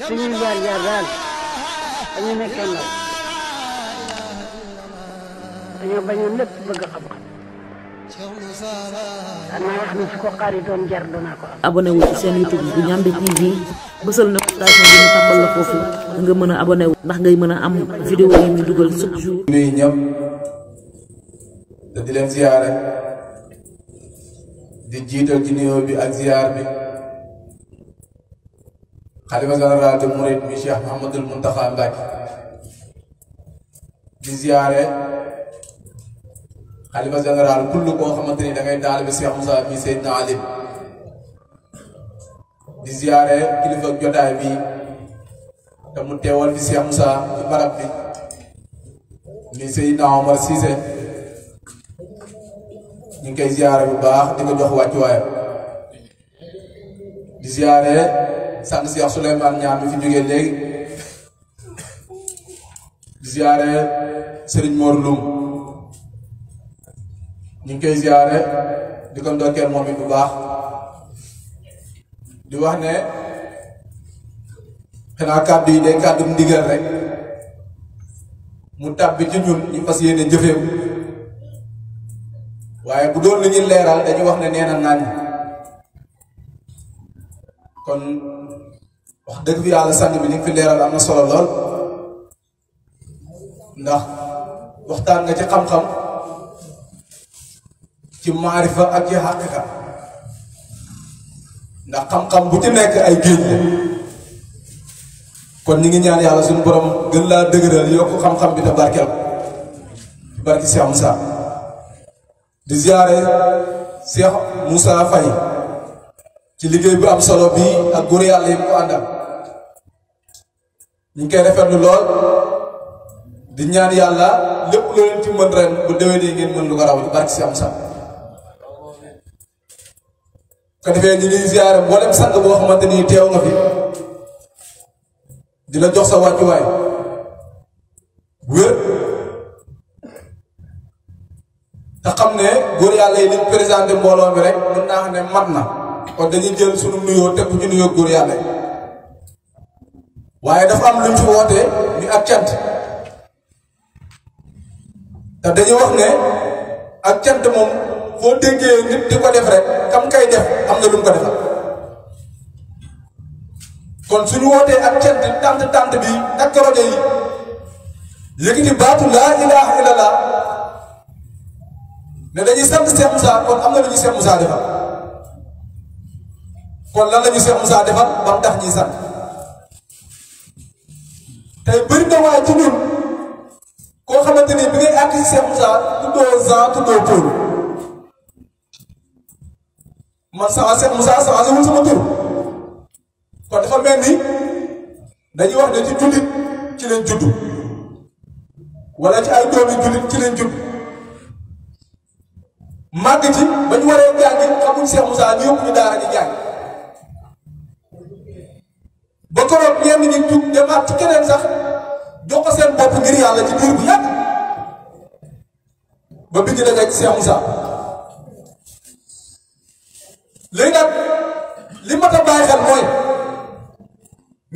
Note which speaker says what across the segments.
Speaker 1: suñuy jaar jaar daal dañu nekkee ndaw dañoo bañoon lépp bëgg xam-xam xanaa wax su ko xaaritoon jar doonaa ko am. abonné wu seen YouTube bu Ndiamé TV bësal na station bi nga mën a abonné ndax ngay mën a am vidéo yi ñu
Speaker 2: dugal chaque jour. nuyu ñëpp te di leen ziyaare di jiital ci bi ak ziyaar bi. xalifa général de Mouride mi Cheikh Mouhamadul Mountakha Mbacké di ziare xalifa général kull koo xamante ni da ngay daal bi Cheikh Moussa mi Seydina Ali di ziare kilifa jotaay bi te mu teewal fi Cheikh Moussa ci bi mi Seydina Omar Cissé ñu ngi koy ziare bu baax di ko jox wàccuwaayam di ziare. sant si ak Souleymane ñaan mi fi jógee léegi di ziare Serigne Mor Loum ñu ngi koy di ko ndokkeel moom it bu baax di wax ne xanaa kàddu yi day kàddu ndigal rek mu tàbbi ci ñun ñu fas yéene jëfeewu waaye bu doon lu ñuy leeral dañu wax ne nee na nañ kon wax dëgg fi yàlla bi ni fi leeral am na solo lool ndax waxtaan nga ci xam-xam ci maarifa ak ci xaqiqa ndax xam-xam bu ci nekk ay géej kon ñu ngi ñaan yàlla suñu borom gën laa dëgëral yokk xam-xam bi te barkeel barki Cheikh Moussa di ziare Cheikh Moussa Faye ci liggéey bi am solo bii ak góor yàlla yi mu àndal ñu ngi koy rafetlu lool di ñaan yàlla lépp loo leen ci mën ren bu déwénee lu ko raw si am sax ko defee ñu ni teew nga fi di jox sa wér te xam ne góor yàlla yi liñ présenté mbooloo bi rek mën naa xam ne mat na. kon dañuy jël sunu nuyoo ñu ci nuyoo góor yàlla waaye dafa am lu wootee ñu ak cant
Speaker 1: te dañuy wax ne ak cant moom foo déggee nit di ko def rek kam kay def am na lu mu ko defal kon suñu wootee ak cant tànt tànt bi takk rajo yi yëkkati baatu laa ilaaha illallah ne dañuy sant Seex Musaa kon am na lu ñu Seex defal kon lan la ñu Cheikh Moussa defal ba mu tax ñuy sant tey bëri na waaye ci ñun koo xamante ni bi ngay àgg si Cheikh Moussa tuddoo Jean tuddoo Paul man saa Cheikh Moussa saa sama tur kon dafa mel ni dañuy wax ne ci jullit ci leen judd wala ci ay doomi jullit ci leen judd màgg ci ba ñu waree jàng xamuñ Cheikh Moussa ñu yóbbu ñu daara di jàng. ba koroog ñenn ñi jug demaat ci keneen sax jox ko seen bopp ngir yàlla ci biir bu yàgg ba bi ñu dajee ak Cheikh Moussa nag li mat a bàyyi xel mooy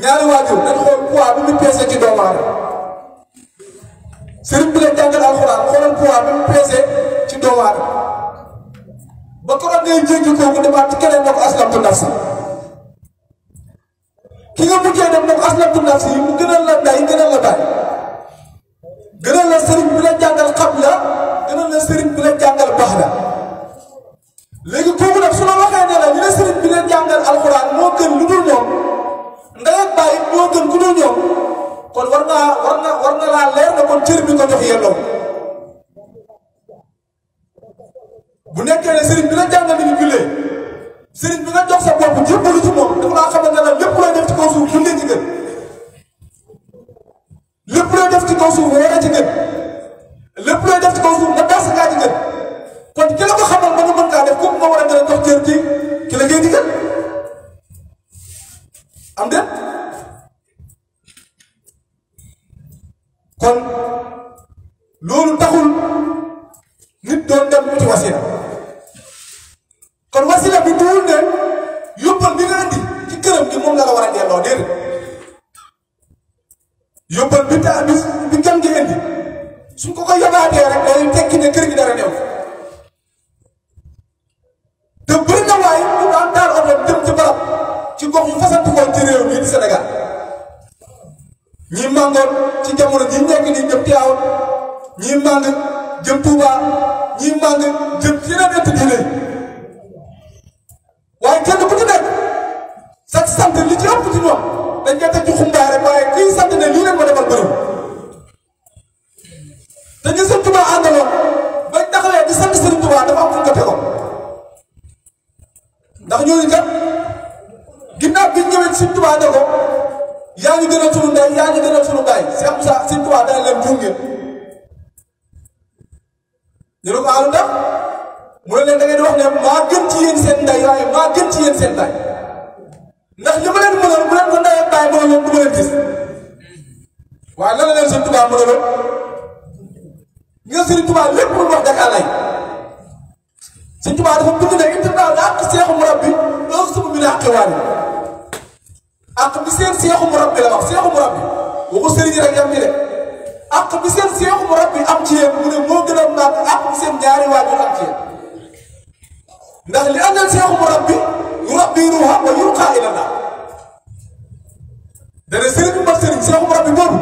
Speaker 1: ñaari waajur nañ xool poids bi peese ci doomu aadama sëriñ bi leen jàngal alxuraan xoolal poids peese ci doomu aadama ba koroog ngay jéggi kooku demaat ci keneen ne ko aslamtu ki nga mujjee dem moom aslabtu nafsi yi mu gënal la ndey gënal la baay gënal la sëriñ bi la jàngal xam la gënal la sëriñ bi la jàngal baax la léegi kooku nag su la waxee ne la ñu ne sëriñ bi la jàngal alxuraan moo gën lu dul ñoom ndey ak baay moo gën ku dul kon war naa war na war na laa leer na kon cër bi ko jox yelloo bu nekkee ne sëriñ bi la jàngal ni ñu sëriñ bi nga jox sa bopp jébbalu ci moom dafa laa xamante ne lépp looy def ci kaw suuf julli ci gën lépp looy def ci kaw suuf wara ci gën lépp looy def nga gas ngaa ci ko xamal ba nga mën kaa def ci ñoom dañ koy teg ci xumb ñaari ak bi seen seexu mu rabbi la wax seexu mu rabbi waxu sëriñ rek yam ci ak bi seen seexu mu rabbi am ci yéen mu ne moo gën a màgg ak bi seen ñaari waajur am ci ndax li andal seexu mu rabbi yu rabbi ruuxa wa yulqaa ila naa dana sëriñ bi mat sëriñ seexu mu rabbi boobu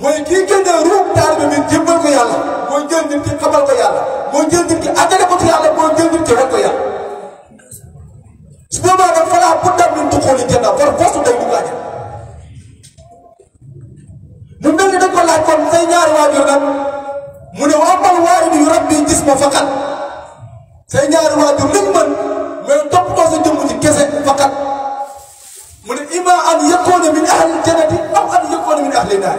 Speaker 1: mooy kii génne ruub taalibe bi jëmbal ko yàlla ki xamal ko yàlla mooy jël nit ki àggale ko ci yàlla mooy jël nit ki wet ko su boobaa nag falaa budda min duxuuli janna far fasu day dugg àjjana mu mel ni dañ ko kon say ñaari waajur nag mu ne wa ammal waalidu yurabbi jisma faqat say ñaari waajur liñ mën mooy toppatoo sa jëmm kese faqat mu ne imma an yakuna min ahli jannati aw an yakuna min ahli naar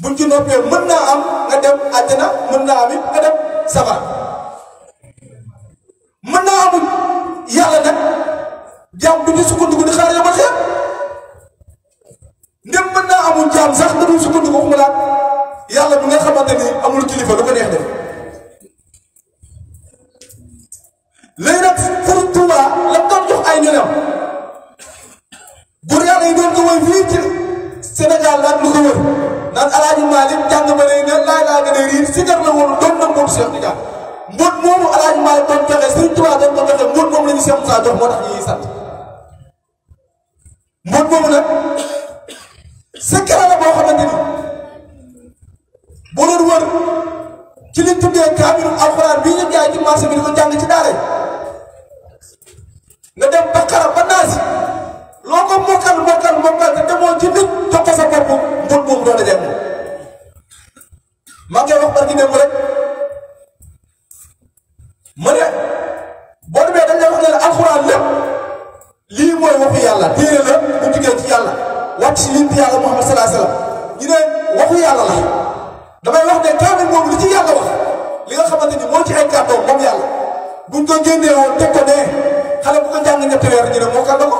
Speaker 1: buñ ci noppee mën naa am nga dem naa am it nga dem naa amul yàlla nag jaam du ñu sukkandiku di xaar yomal xeeb ndem mën naa amul jaam sax nga dul sukkandiku waxuma laat yàlla bi nga xamante ni amul kilifa lu ko neex def léegi nag Sëriñ Tuuba la mu doon jox ay ñoñam buur yàlla yi doon ko woy fii ci Sénégal naan lu ko wër naan Alaaji Maalik jàng ma ne ne laa gën a riir si jar na woon doon na moom Cheikh Tidiane mbóot moomu alaaj Maalik doon joxe Sëriñ Tuubaa dañ ko joxe mbóot moomu la ñu Seex Musaa jox moo tax ñuy sant mbóot moomu nag secret la boo xamante ni boo doon wër ci liñ tuddee kaamilu alxuraan bii ñu jaay ci marché bi di ko jàng ci daara nga dem Bakara ba Naas loo ko mokkal mokkal mokkal te demoo ci nit jox ko sa bopp mbóot moomu doon a jàng maa ngi koy wax barki démb rek. ma ne boo demee dañ lay wax ne la alxuraan lépp lii mooy waxu yàlla téere la bu jugee ci yàlla wàcc si yonent yàlla Muhammad salaa salaam ñu ne waxu yàlla la damay wax ne kaamil boobu li ci yàlla wax li nga xamante ni moo ci ay kàddoom moom yàlla buñ ko génnee woon teg ko dee xale bu ko jàng ñetti weer ñu ne moo kàddu ko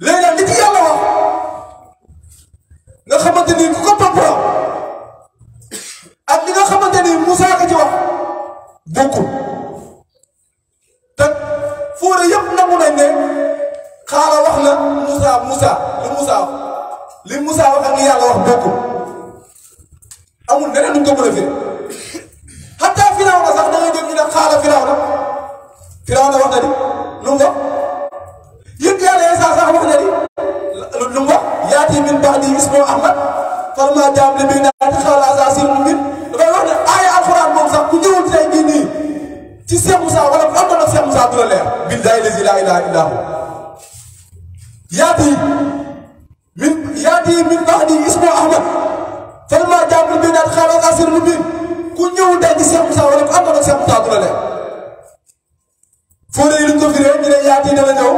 Speaker 1: léegi nag yunadi min ba'di ismu ahmad falamma jaa bi daal xaaral asir lu biir ku ñëw denc Cheikh Moussa wala ku àndoon ak Cheikh Moussa du la leen. fóore yi luñ ko firee ñu ne yaati dana ñëw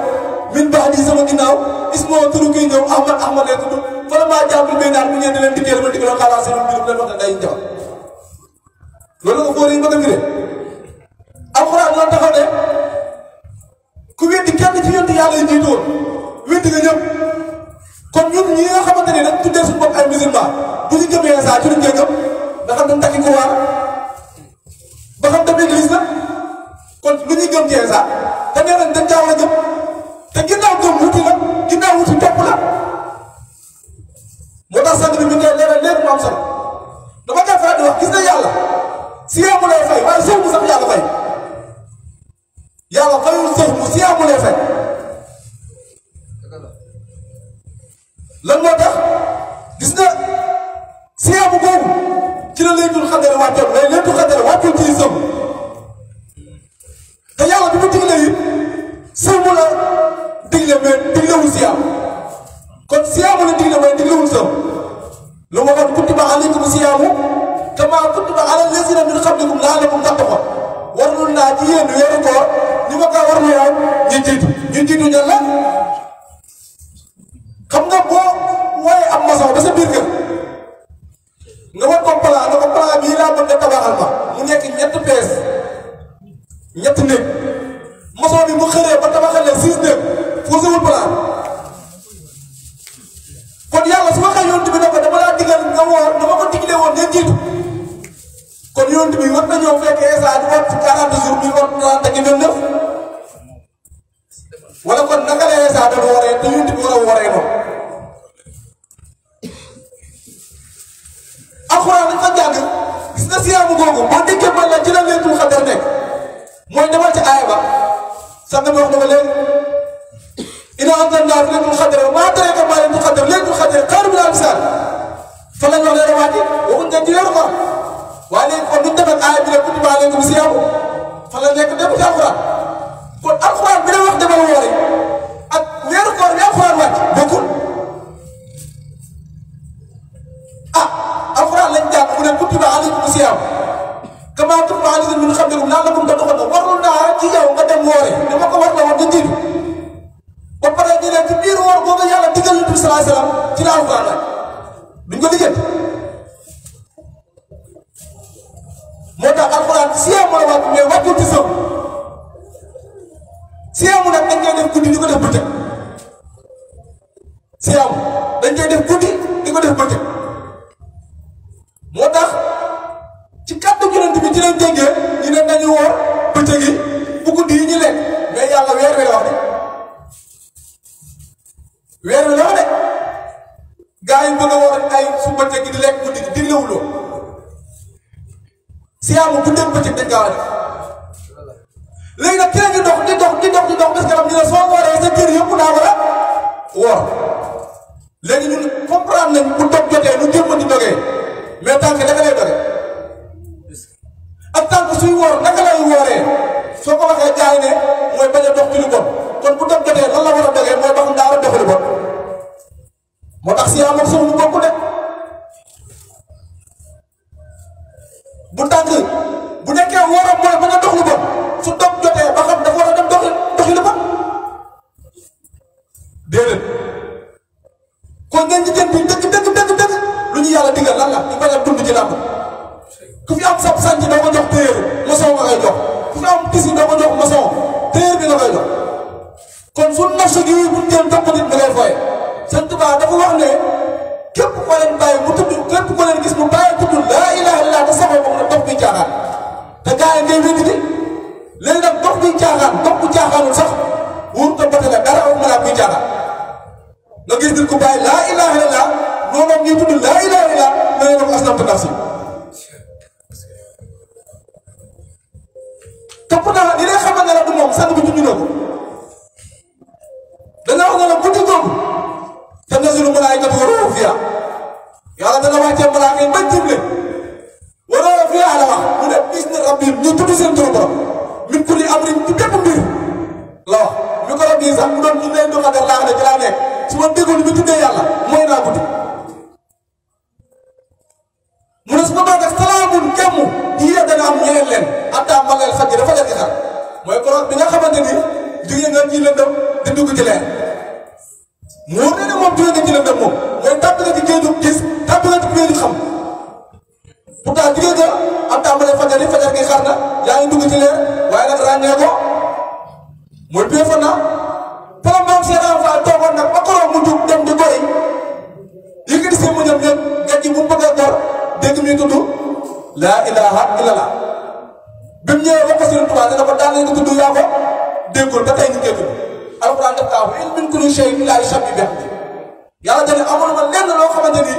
Speaker 1: min ba'di sama ginnaaw ismu turu kii ñëw ahmad ahmad lay tudd falamma jaa bi daal bu ngeen di leen dikkee dama dikkee doon xaaral asir lu biir leen wax ne day ñëw loolu la ko fóore yi bëgg a firee alxuraan dina taxaw ne ku weddi kenn ci yonent yàlla yi jiitu woon weddi nga ñëpp. kon ñun ñi nga xamante ni dañ tuddee suñu bopp ay musulman bu ñu gëm yenn saa ci luñ koy gëm nga xam dañ takki ko waar ba xam tam église la kon lu ñuy gëm yenn saa te nee nañ dañ caa war a gëm te ginnaaw gëm wuti la ginnaaw wuti topp la moo tax sànq bi ñu koy leeral leer mu ko plan na ko plan bii laa bëgg nga tabaxal ma mu nekk ñett pees ñett néeg aaya bi ne kutiba alaykum siyaamu fa la nekk dem ci alxuraan kon a bi ne wax demal woori ak weeru koor bi alxuraan wàcc bokkul ah alxuraan lañ jàpp mu ne kutiba alaykum siyaamu kama kutiba alaykum min qablikum la'allakum tattaqun warul naa ci yow nga la woon nga jiitu ba pare ñu ne ci biir woor boobu yàlla digal la alxuraan la moo tax alxuraan siyaamu la wàcc mais wàccul ci nag dañ koy def guddi di ko def bëccëg siyaamu dañ def guddi di ko def bëccëg moo tax ci kàddu yonent bi ci lañ déggee ñu ne nañu woor bëccëg yi bu guddi yi ñu lekk mais yàlla weer wi de weer wi de gaa bëgg a woor ay su bëccëg di lekk guddi gi diglewuloo siyaamu bu dem bëccëg dañ kaa def léegi nag keneen di dox di dox di dox di dox bés kanam ñu ne soo wooree sa cër yëpp daa war a woor léegi ñun comprendre nañ bu dog jotee nu jëmm soo ko waxee mooy bañ a dox ci lu bon kon bu dog jotee lan war a dogee mooy ba xam daa war a dox lu bon moo tax siyaamu ak suuf mu bokk de. bu tàng bu nekkee wóoram mooy ba nga dox lu ñu ñu ne maam Cheikh Ibra Fall toogoon nag ba koroo mu jug dem di gori yëkkati seen muñam lépp gàcce bu mu bëgg a gor dégg muy tudd laa ilaha illallah bi mu ñëwee ba ko Sëriñ Tuubaa dina ko daan nañ ko tudd yaa ko déggul ba tey ñu ngi koy tudd alxuraan def kaa in min kulli shay'in laa yusabbih bihamdihi yàlla dañu amul ma lenn loo xamante ni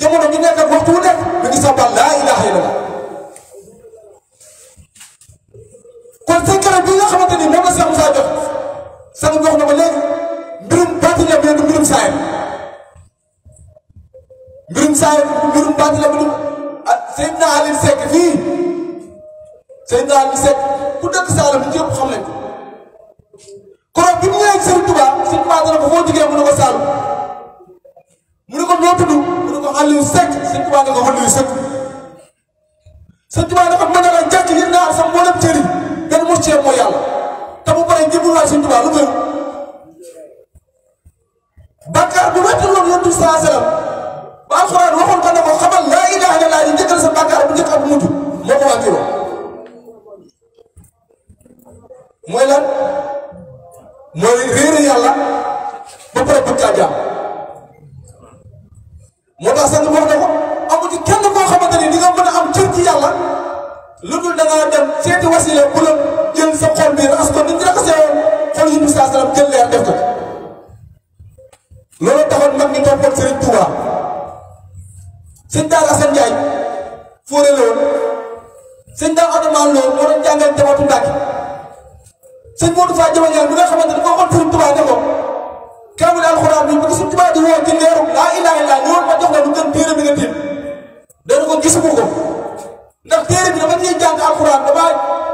Speaker 1: jamono gi nekk ak waxtu wu nekk mi ngi sabbal laa ilaha illallah kon secret bi nga xamante ni moom la Cheikh Moussa jox sëñ bi wax na ko léegi mbirum baatin la mais du mbirum saayir mbirum saayir mbirum baatin la mbirum ah Seydina Aliou Seck fii Seydina Aliou Seck ku dëkk Saalum ñu yëpp xam nañ ko kon bi mu ñëwee Sëriñ Tuubaa Sëriñ Tuubaa dana ko foo jugee mu ne ko Saalum mu ne ko noo tudd mu ne ko Aliou Seck Sëriñ Tuubaa ne ko Aliou Seck Sëriñ Tuubaa ne ko mën na la jàcc yéen naa sama mboolem cëriñ benn mos cee mooy yàlla. Touba Sëñ Touba loolu yonent bi saa salaam ba alxuraan waxoon ko ne laa ilaaha illallaah di njëkkal sa bàkkaar bu njëkk ak bu mujj moo ko mooy lan mooy réere yàlla ba pare bëgg caa moo tax sànq wax na ko amu kenn koo xamante ni nga mën a am cër ci lu dul da ngaa dem seeti wasile bu la jël sa xol bi raxas ko ni ñu raxasee woon xol yu Musaa salaam jël leer def ko loolu taxoon mag ñi toppoon Sëriñ Tuubaa sëñ Daara Assane Ndiaye fóore la woon sëñ Daara Adama Lo moo doon jàngal jabatu Mbàkke ni koo ko kaamil alxuraan ma jox la lu gën téere bi nga tiim dana ko gisu ko ndax téere bi dafa ciy jàng alxuraan damaa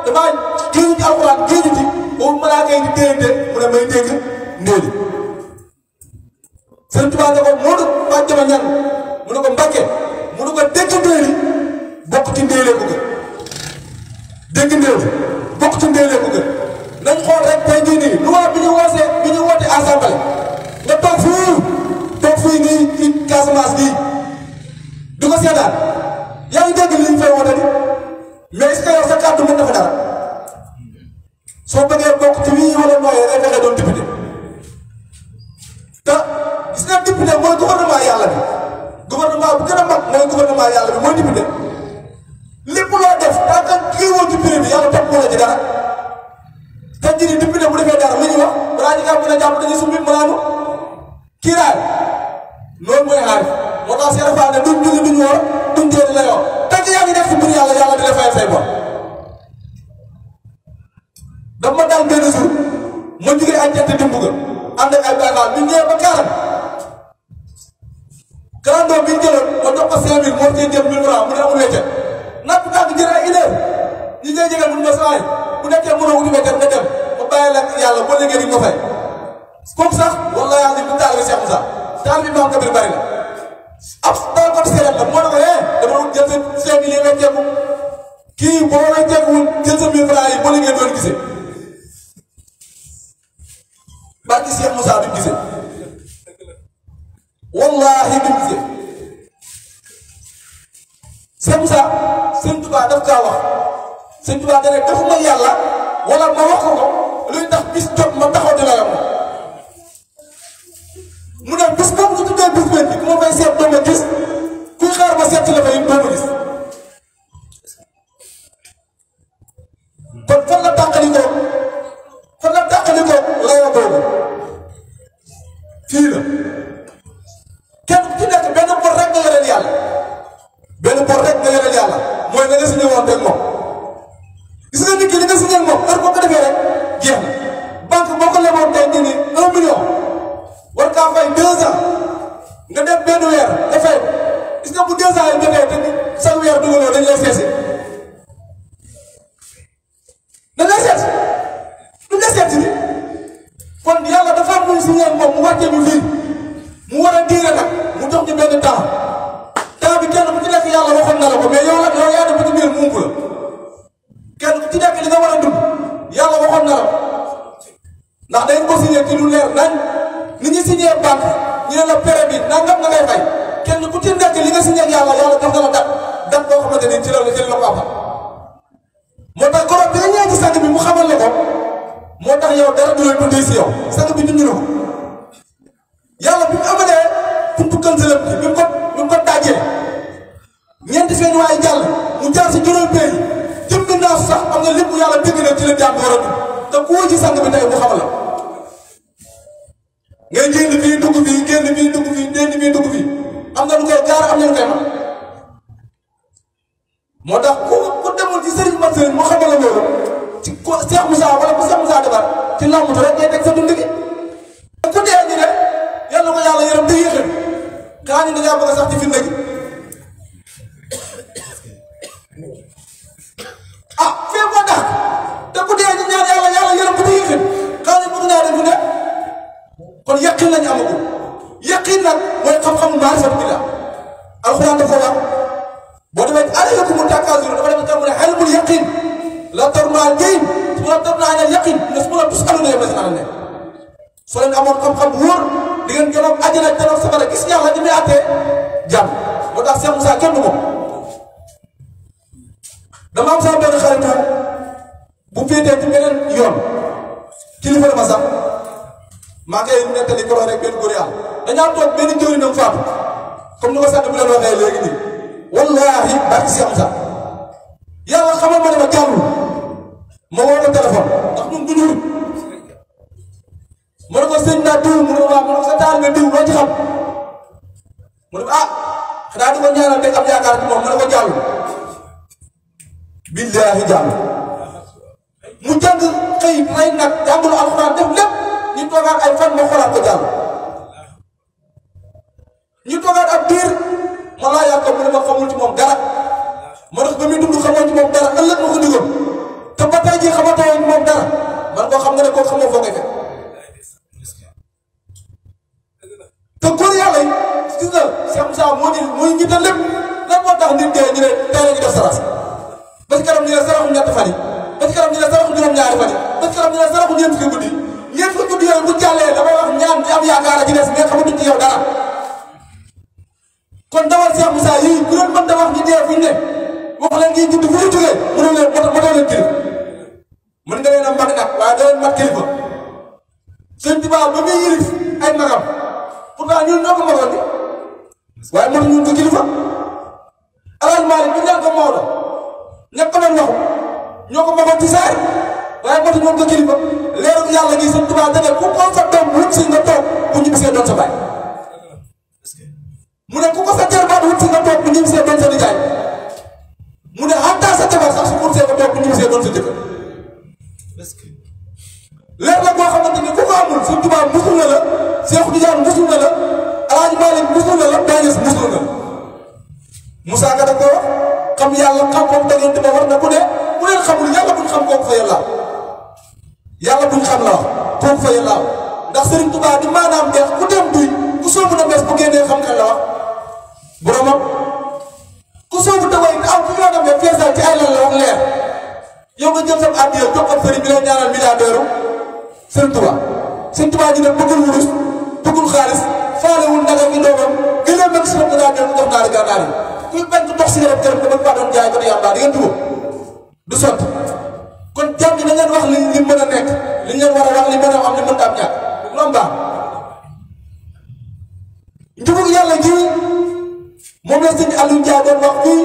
Speaker 1: damaa géeju ci alxuraan géeju ci boobu malaaka yi di téyante may dégg ndéeli sëñ Tuubaa ne moo du mbàjj ma ñan mu ne ko mbàkke mu ne ko dégg ndéeli bokk ci ndéelee ko gën dégg xool rek tey jii nii loi bi ñu woosee bi ñu woote assemblée nga toog fii toog fii nii ci yaa ngi dégg li ñu fay woote ni mais est ce que yow sa kàddu mën na fa dara soo bëggee bokk ci wii wala nooyee day doon député te gis nga député mooy gouvernement yàlla bi gouvernement bu gën a mag mooy gouvernement yàlla bi mooy député lépp loo def tant que kii woo député bi yàlla topp la ci dara te ji ni bu defee dara lu ñuy wax balaa ñu kaa mën a jàpp dañuy sumbi malaanu kiiraay loolu mooy aarif moo tax Cheikh Fall ne duñ julli duñ woor duñ déedéet la yor tant yaa ngi def ci mbir yàlla yàlla di la fayal say bor. dama ma daal benn jour ma jugee ak ñett di mbugal ànd ak ay baykat ñu ñëwee ba kaaram grand doom bi ñu jëloon ma jox ko cinq mille moo cee jël mille franc mu ne amul wecce napp tànk jëlee ay idée ñu ñëw bu nekkee mënoo nga dem ba bàyyi la yàlla ba léegi di nga fay kooku sax wallaahi yàlla bu taal bi seetlu sax. taal bi Maam Kabir bari la ab tàngoor la moo ne ko eh, dama doon jël sa cinq mille kii boo wecceekuwul jël sa mille francs yi ba la ngeen doon gisee barki Cheikh Moussa wallaahi bi gisee Cheikh Moussa Sëñ Tuubaa daf kaa wax ma wax ko ko luy tax bis jot ma taxaw di la yomb. mu ne bis boobu ñu tuddee bis benn bi ku ma fay seet doo ma gis kuy xaar ba seet la gis. ku ci nekk li nga war a dund yàlla waxoon na la ndax dañ ko signé ci lu leer nañ ni ñu signé banque ñu ne la période bi nangam nga ngay fay kenn ku ci nekk li nga signé ak yàlla yàlla jox na la dat dat boo xamante ni ci la ci ko moo tax koroog bi nga ñëwee ci sang bi mu xamal la ko moo tax yow dara du la dundee si yow sang bi dund na ko yàlla bi mu amalee buntu kanselam bi bi ko bi ñeenti seen waaye mu jaar si juróom-benn sax am na lépp yàlla dégg na ci la jàpp war a te koo ci sang bi tey yi xamal la ngay génn fii dugg fii génn fii dugg fii génn fii dugg fii am na lu koy gaar am na lu moo tax ku ku demoon ci sëriñ man sëriñ moo xamal la loolu ci ko Cheikh Moussa wala ku Cheikh Moussa defar ci làmbatu rek ngay teg sa dund yoon kilifa la ma sax maa ngi nettali koro rek benn góor yàlla dañaa toog benn jëwriñam faatu comme ni ko sànni bu telepon, waxee léegi nii wallaahi barki si am sax yàlla xamal ma ne ma jàllu ma woo ko ñun du ñu ko sëñ naa mu ko taal nga diw ci xam ah ko ñaanal am ci ko mu jàng xëy ay nag jàngul alxuraan def lépp ñu toogaat ay fan mu xoolaat ko jàng ñu toogaat ak diir walla yàlla ko mu ne ma ci moom dara ma tax ba muy dund xamoo ci moom dara ëllëg ma ko digoon te ba tey jii moom dara man koo xam nga ne koo xamoo foo koy te góor yàlla yi gis nga Cheikh moo ni mooy ñi te lépp moo tax nit dee ñu ne tey la ñu def saraas ba ñett fan yi ba ci kanam ñu ne saraxu juróom-ñaari fan ba ci kanam ñu ne saraxu ñeent fukki guddi ñeent fukki guddi yooyu bu jàllee damay wax ñaan ñi am yaakaar a ci des mais xamatuñ ci yow dara kon dawal Cheikh Moussa yii ku doon mën da wax ñu dee fuñ ne wax leen ñuy judd fu ñu jógee mënoo leen mënoo leen kilifa mën nga leen a mag nag waaye doo leen mag kilifa sëñ Tuubaa ba muy yilif ay magam pourtant ñun ñoo ko magoon de waaye mënuñu ko kilifa alal maalik bi ñu daan ko Maodo ñëpp ko doon waxu ñoo ko bëggoon ci saar waaye matuñu woon ko kilifa leeru yàlla gi sëñ Tuubaa dane ku ko sa doom yaakaar yi kuy bañ ko dox sigaret këram nga mën kaa doon jaay ko di yàlla di ngeen jubóo du sotti kon jàmm yi dañ leen wax li li mën a nekk li leen war a wax li mën a am li mën a am ñàkk loolu baax njubug yàlla ji moom la sëñ Aliou Ndiaye doon wax fii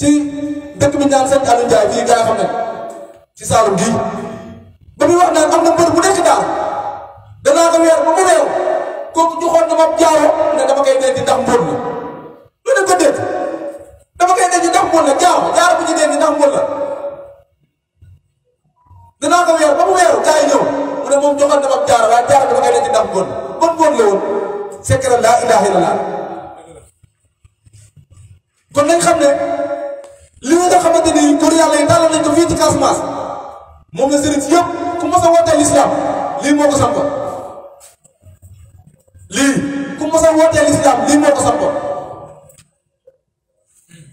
Speaker 1: ci dëkk bi naan sëñ Aliou Ndiaye fii gaa xam ne ci Saalum gii ba muy wax naan am na mbër bu nekk daal danaa ko weer ba mu réew kooku joxoon na ma jaaroo ne dama koy denc ndax mbóot la lu ne ko dégg dafa koy dégg ndax mbon la jaar jaar bu ci dégg ndax mbon la dinaa ko weer ba mu weeru gaa yi ñëw mu ne moom joxoon na ma jaar waaye jaar dafa koy dégg ndax bon mbon la woon fekk na laa ilaaha illallaah kon nañ xam ne li nga xamante ni góor yàlla yi tàllal nañ ko fii ci Casamance moom la sëriñ si yëpp ku mos a lislaam lii moo ko samp lii ku mos a lislaam lii moo ko samp